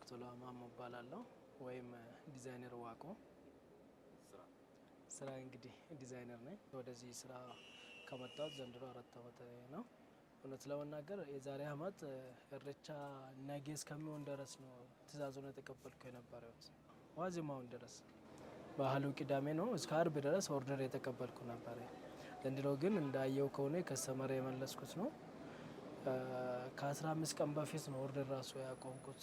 አክቶላ ማሞ እባላለሁ ወይም ዲዛይነር ዋቆ። ስራ እንግዲህ ዲዛይነር ነኝ። ወደዚህ ስራ ከመጣሁት ዘንድሮ አራት ዓመት ነው። እውነት ለመናገር የዛሬ ዓመት እሬቻ ነገ እስከሚሆን ድረስ ነው ትእዛዙን የተቀበልኩ የነበረውት። ዋዜማውን ድረስ ባህሉ ቅዳሜ ነው፣ እስከ አርብ ድረስ ኦርደር የተቀበልኩ ነበረ። ዘንድሮ ግን እንዳየው ከሆነ ከሰመር የመለስኩት ነው። ከ15 ቀን በፊት ነው ኦርደር ራሱ ያቆምኩት።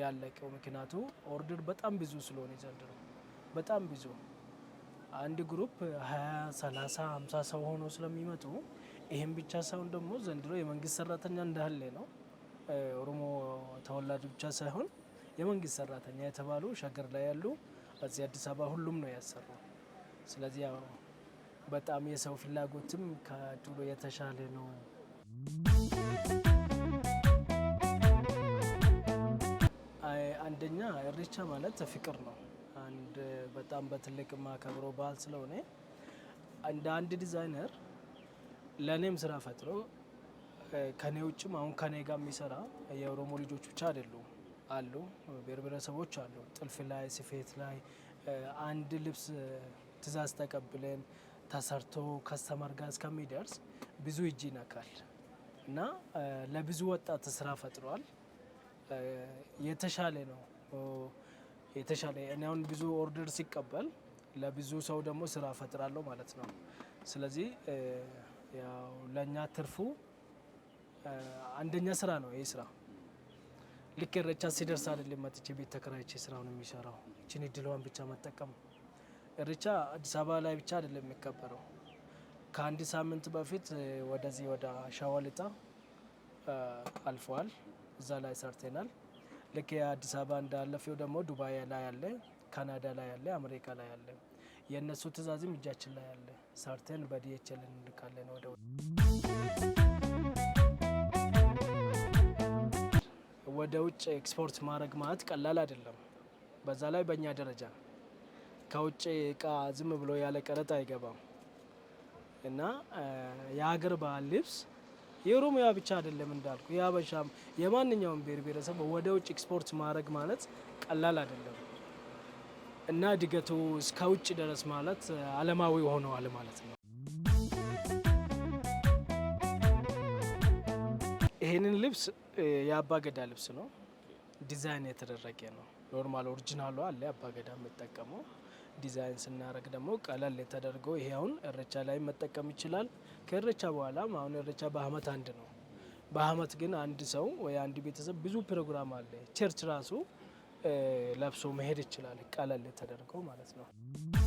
ያለቀው። ምክንያቱ ኦርደር በጣም ብዙ ስለሆነ ዘንድሮ በጣም ብዙ አንድ ግሩፕ 20፣ 30፣ 50 ሰው ሆኖ ስለሚመጡ ይህም ብቻ ሳይሆን ደግሞ ዘንድሮ የመንግስት ሰራተኛ እንዳለ ነው። ኦሮሞ ተወላጅ ብቻ ሳይሆን የመንግስት ሰራተኛ የተባሉ ሸገር ላይ ያሉ በዚህ አዲስ አበባ ሁሉም ነው ያሰሩ። ስለዚህ በጣም የሰው ፍላጎትም ከድሮ የተሻለ ነው። አንደኛ እሬቻ ማለት ፍቅር ነው። አንድ በጣም በትልቅ የማከብረው ባህል ስለሆነ እንደ አንድ ዲዛይነር ለእኔም ስራ ፈጥሮ ከኔ ውጭም አሁን ከኔ ጋር የሚሰራ የኦሮሞ ልጆች ብቻ አይደሉም አሉ ብሔር ብሔረሰቦች አሉ። ጥልፍ ላይ፣ ስፌት ላይ አንድ ልብስ ትእዛዝ ተቀብለን ተሰርቶ ከስተመር ጋር እስከሚደርስ ብዙ እጅ ይነካል እና ለብዙ ወጣት ስራ ፈጥሯል። የተሻለ ነው። የተሻለ እኔ አሁን ብዙ ኦርደር ሲቀበል ለብዙ ሰው ደግሞ ስራ ፈጥራለሁ ማለት ነው። ስለዚህ ያው ለእኛ ትርፉ አንደኛ ስራ ነው። ይህ ስራ ልክ እረቻ ሲደርስ አይደለም መጥቼ ቤት ተከራይቼ ስራውን የሚሰራው እችን እድሏን ብቻ መጠቀም። እርቻ አዲስ አበባ ላይ ብቻ አይደለም የሚከበረው። ከአንድ ሳምንት በፊት ወደዚህ ወደ ሸዋልታ አልፈዋል። እዛ ላይ ሰርተናል። ልክ የአዲስ አበባ እንዳለፈው ደግሞ ዱባይ ላይ ያለ፣ ካናዳ ላይ ያለ፣ አሜሪካ ላይ ያለ የእነሱ ትእዛዝም እጃችን ላይ ያለ ሰርተን በዲኤችኤል እንልካለን ወደ ወደ ውጭ ኤክስፖርት ማድረግ ማለት ቀላል አይደለም። በዛ ላይ በእኛ ደረጃ ከውጭ እቃ ዝም ብሎ ያለ ቀረጥ አይገባም እና የሀገር ባህል ልብስ የኦሮሚያ ብቻ አይደለም እንዳልኩ የአበሻም የማንኛውም ብሔር ብሔረሰብ ወደ ውጭ ኤክስፖርት ማድረግ ማለት ቀላል አይደለም እና እድገቱ እስከ ውጭ ድረስ ማለት አለማዊ ሆነዋል ማለት ነው። ይህንን ልብስ የአባገዳ ልብስ ነው፣ ዲዛይን የተደረገ ነው። ኖርማል ኦሪጂናሉ አለ አባገዳ የምጠቀመው ዲዛይን ስናደረግ ደግሞ ቀለል ተደርጎ ይሄ አሁን እርቻ ላይ መጠቀም ይችላል። ከእርቻ በኋላም አሁን እርቻ በአመት አንድ ነው። በአመት ግን አንድ ሰው ወይ አንድ ቤተሰብ ብዙ ፕሮግራም አለ። ቸርች ራሱ ለብሶ መሄድ ይችላል። ቀለል ተደርጎ ማለት ነው።